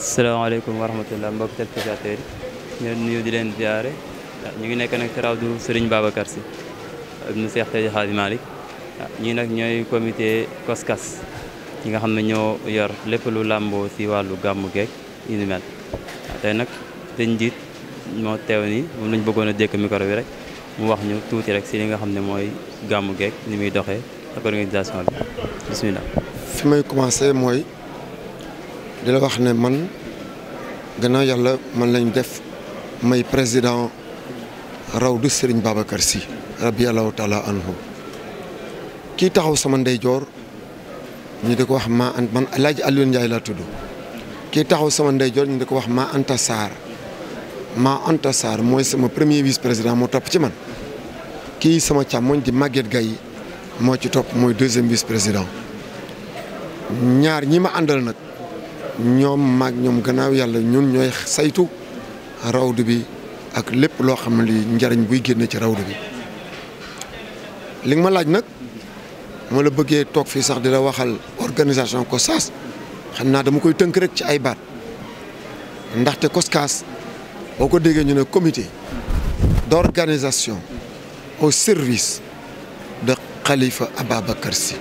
salaamaaleykum wa rahmatulah mbokk téléspectateurs yi di leen ziare ñu ngi nekk nag ci rawdu Serigne Babacar Sy ibnu Cheikh Seydi Hadji Malick ñii nag ñooy comité COSCAS ñi nga xam ne ñoo yor lépp lu làmboo si wàllu gàmmu geeg yu ni mel tey nag sëñ njiit moo teew nii moom lañ bëggoon a dékk micro bi rek mu wax ñu tuuti rek si li nga xam ne mooy gàmmu geek ni muy doxee ak organisation bi may commencé mooy. di wax ne man gannaaw yàlla man lañu def may président rawdu Serigne Babacar Sy rabiyallahu taala anhu kii taxaw sama ndeyjoor ñu di ko wax ma an man Ndiaye laa tudd kii taxaw sama ndeyjoor ñu di ko wax ma Anta Sarr ma Anta Sarr mooy sama premier vice président moo topp ci man kii sama càmmoñ di Maguette gay moo ci topp mooy deuxième vice président ñaar ñii ma àndal nag. ñoom maak ñoom gannaaw yàlla ñun ñooy saytu rawdu bi ak lépp loo xam ne lii njariñ buy génne ci rawdu bi li nga ma laaj nag ma la bëggee toog fii sax di la waxal organisation ko COSCAS xam naa dama koy tënk rek ci ay baat ndaxte COSCAS boo ko déggee ñu ne comité d'organisation au service de Khalifa Ababacar Sy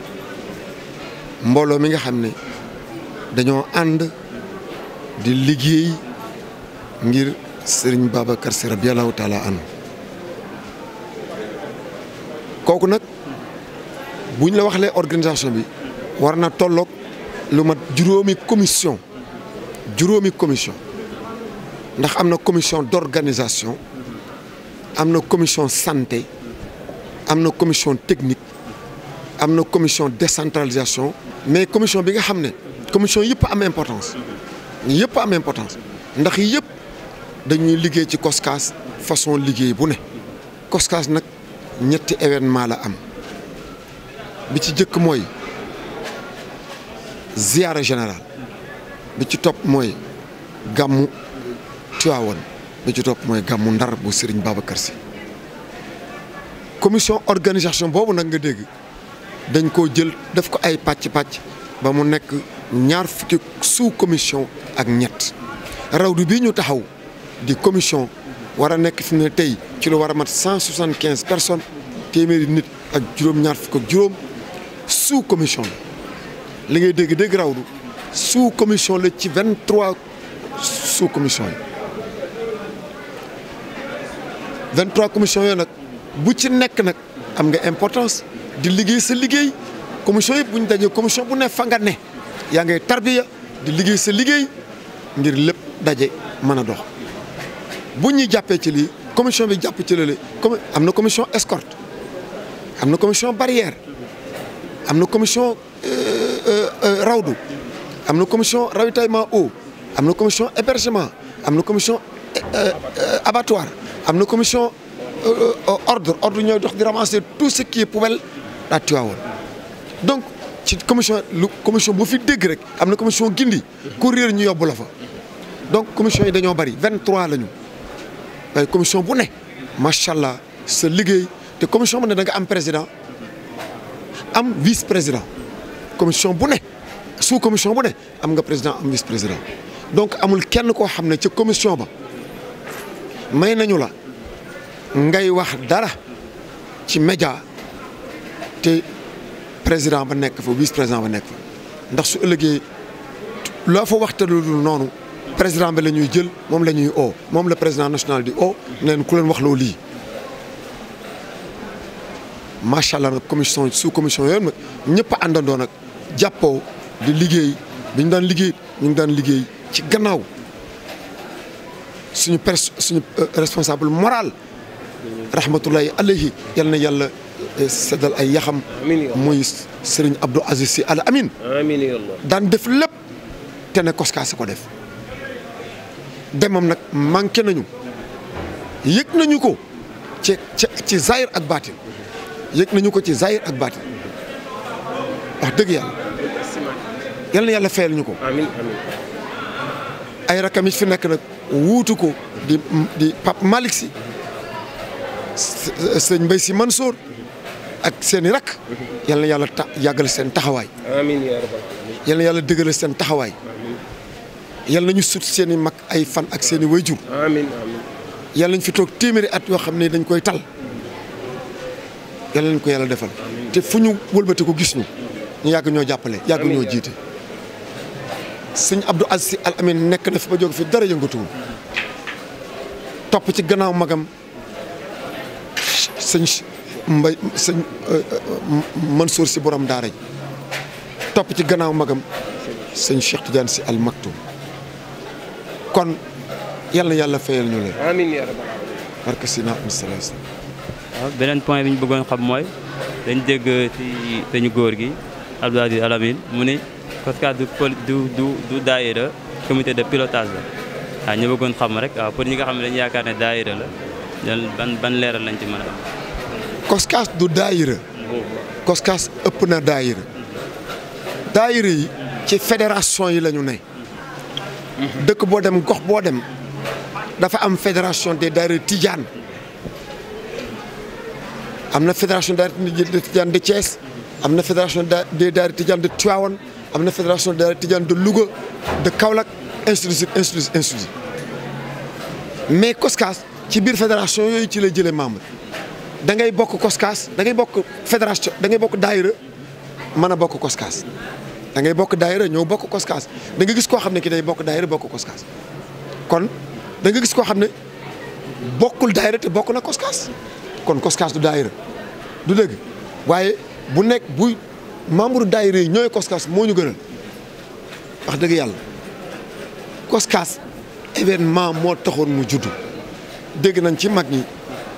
mbooloo mi nga xam ne de and, di liggéey ngir Serigne Babacar Sy radiyallahu taala an kooku nak buñ la waxlee organisation bi warna na tolloog lu mat juróomi commission juróomi commission ndax amna commission d'organisation amna commission santé amna commission technique amna commission décentralisation mais commission bi nga xamné commission yëpp am importance yëpp am importance ndax yëpp dañuy liggéey ci COSCAS façon liggéey bu ne COSCAS nag ñetti événement la am bi ci jëkk mooy ziyaara général bi ci topp mooy gàmmu Tiwaawan bi ci topp mooy gàmmu Ndar bu Serigne Babacar commission organisation boobu nag nga dégg dañ ko jël def ko ay pàcc-pàcc ba mu nekk ñaar fukki sous commission ak ñett rawdu bii ñu taxaw di commission war a nekk fi ne tey ci lu war a mat cent soixante quinze personnes téeméeri nit ak juróom ñaar fukk ak juróom sous commission la li ngay dégg dégg rawdu sous commission la ci vingt trois sous commission yi vingt trois commission yooyu nag bu ci nekk nag am nga importance di liggéey sa liggéey commission yëpp bu ñu dajee commission bu ne fa nga ne Il ngay tarbiya di ngir a dox commission bi commission escorte am commission barrière commission euh, euh, euh, commission ravitaillement eau commission hébergement am commission abattoir am commission ordre ordre tout ce qui est poubelle ci commission commission bu fi dégg rek amna commission gindi ku ñu yobula fa donc commission yi dañu bari 23 lañu commission bu ne macha allah sa te commission bu ne da nga am président am vice président commission bu ne sous commission bu ne am nga président am vice président donc amul kenn qui xam ci commission ba may nañu la ngay wax dara ci média te président ba nekk fa vice président ba nekk fa ndax su ëllëgee loo fa waxta lu noonu président ba la ñuy jël moom la ñuy oo moom la président national di oo neen ku leen wax loo lii macha allah nag commission sous commission yooyu nag ñëpp a àndandoo nag jàppoo di liggéey bi ñu daan liggéey ñu ngi daan liggéey ci gannaaw suñu pres suñu euh, responsable moral rahmatullahi alayhi yal na yàlla seddal ay yaxam muy sëriñ Abdou Aziz Sy Al Amin daan def lépp te ne koskaas a ko def demam nag manqué nañu yëg nañu ko ci ci zahir ak baatin yëg nañu ko ci zahir ak baatin wax dëgg yàlla yal na yàlla fayal ñu ko ay rakam fi nekk nag wuutu ko di di Pape Malick Sy sëñ Mbaye Sy ak seeni i rakk yal na yàlla ta yàggal seen taxawaay yal na yàlla dëgëral seen taxawaay yal nañu sut seeni mag ay fan ak seen i wayjur amiin amiin yal fi toog téeméeri at yoo xam ne dañ koy tal yal nañ ko yàlla defal te fu ñu wëlbate ko gis ñu ñu yàgg ñoo jàppale yàgg ñoo jiite sëñ Abdou Aziz Al Amine nekk na fi ba jóg fi dara yëngatuwul topp ci gannaaw magam sëñ mbay sëñ euh, euh, Mansour si borom daara ji topp ci gannaaw magam sëñ Cheikh Tidiane si Al Maktoum kon yàlla yàlla fayal ñu leen. amiin yaa rabbal si naa am salaam. beneen point bi ñu bëggoon xam mooy dañ dégg ci dañu góor gi Abdou Aziz Al Amine mu ne COSCAS du du du du daayira comité de pilotage la waaw ñu bëggoon xam rek waaw pour ñi nga xam ne dañu yaakaar ne daayira la ban ban leeral lañ ci mën a am. koskaas du daayira koskaas ëpp na daayira daayira yi ci fédération yi la ñu ne dëkk boo dem gox boo dem dafa am fédération des daayira tijaan am na fédération daayira tijaan de Thiès am na fédération des daayira tijaan de Tivaouane am na fédération des daayira tijaan de Louga de Kaolack ainsi de suite ainsi de mais koskaas ci biir fédération yooyu ci la jëlee membre da ngay koskas, koskaas da ngay bokk fédération da ngay bokk koskas? mën a bokk koskaas da ngay bokk daayira ñëw bokk koskaas da nga gis koo xam ki day bokk daayira kon da nga gis koo xam ne bokkul daayira te bokk na koskas kon koskas du daayira du dëgg waaye bu nekk bu membre daayira koskas, ñooy koskaas moo ñu gënal wax dëgg yàlla koskaas événement moo taxoon mu juddu dégg nañ ci mag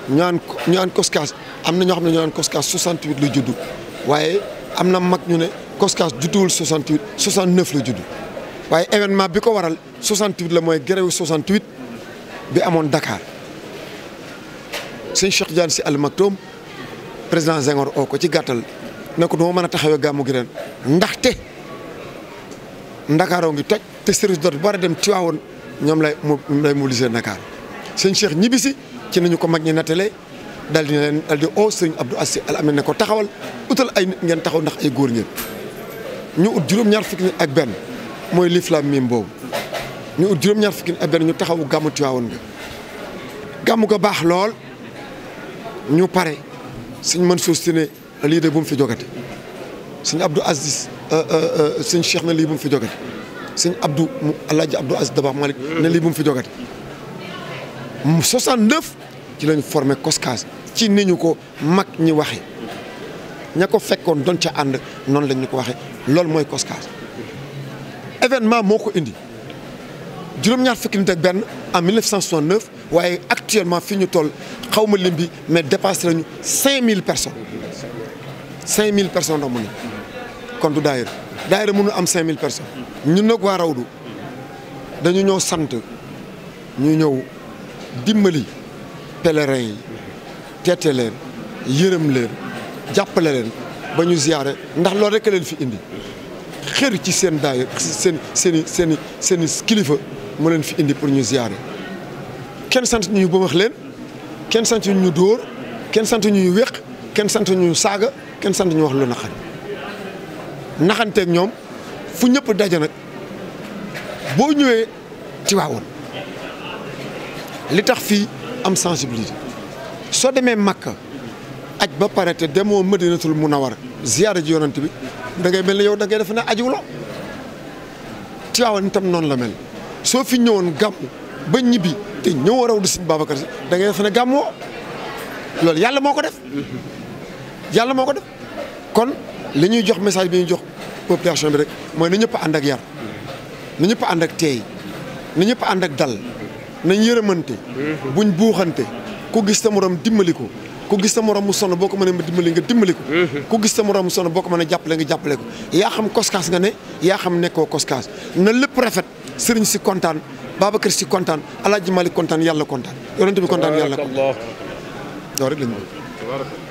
ñu naan ñu naan am na ñoo xam ne ñu naan Koskas 68 la judd waaye am na mag ñu ne Koskas judduwul 68 69 la judd waaye événement bi ko waral 68 la mooy grève 68 bi amoon Dakar sëñ Cheikh Diagne si Al Maktoum président Senghor oo ko ci gàttal ne ko duma mën a taxawee gàmmu gi ren ndaxte Ndakaaroo ngi toj te service d'ordre bi war a dem Tiwaawoon ñoom lay lay mobiliser Ndakaar sëñ Cheikh ñibbisi ci nañu ko mag ñi nattale daal di leen daal di oo ne ko taxawal utal ay ngeen taxaw ndax ay góor ngeen ut juróom-ñaar ak benn mooy liiflam miim ñu ut juróom ak benn ñu taxawu gàmmu Tiwaawan nga gàmmu ga baax lool ñu pare suñ mën suuf si ne lii de bu mu fi jogate suñ Abdou Aziz euh, euh, euh, Cheikh ne lii bu mu fi jogate suñ Abdou mu El Hadj Abdou Aziz fi jogate 69 qui lañ formé ci ni ko mag ñi waxe fait fait don ko waxe événement est indi ñaar en 1969 actuellement fini toll mais dépassé 5000 personnes 5000 personnes dans quand tu d'ailleurs, d'ailleurs nous mënu am 5000 personnes ñun nag waa Rawdu dañu ñëw nous ñu dimbali. pèlerin yi teete leen yërëm leen jàppale leen ba ñu ziyaare ndax lool rek leen fi indi xër ci seen daay seen seen seen seen kilifa mu leen fi indi pour ñu ziyaare kenn sant ñu ñu bëmax leen kenn sant ñu dóor kenn sant ñu ñu wéq kenn sant ñu saaga kenn sant ñu wax lu naxan naxanteeg ñoom fu ñëpp daje nag boo ñëwee Tiwaawoon li tax fii am sensibilité soo demee Makka aj ba pare te demoo Madinatul Munawwar ziyaara ji yonent bi da ngay mel ne yow da ngay def ne ajuwuloo Tiwaawan itam noonu la mel soo fi ñëwoon gàmm ba ñibbi te ñëwoo raw di Sëñ Babacar Si da ngay def ne gàmmoo loolu yàlla moo ko def yàlla moo ko def kon li ñuy jox message bi ñuy jox population bi rek mooy na ñëpp ànd ak yar na ñëpp ànd ak teey na ñëpp ànd ak dal nañ yërëmante buñ buuxante ku gis sa moroom dimbali ko ku gis sa morom mu sonn boo ko mënee ma dimbali nga dimbali ko ku gis sa morom mu sonn boo ko mënee jàppale nga jàppale ko yaa xam koskaas nga ne yaa xam nekkoo koskaas na lépp rafet sëriñ si kontaan Babacar si kontaan Alaaji Malik kontaan yàlla kontaan yonent bi kontaan yàlla kontaan loolu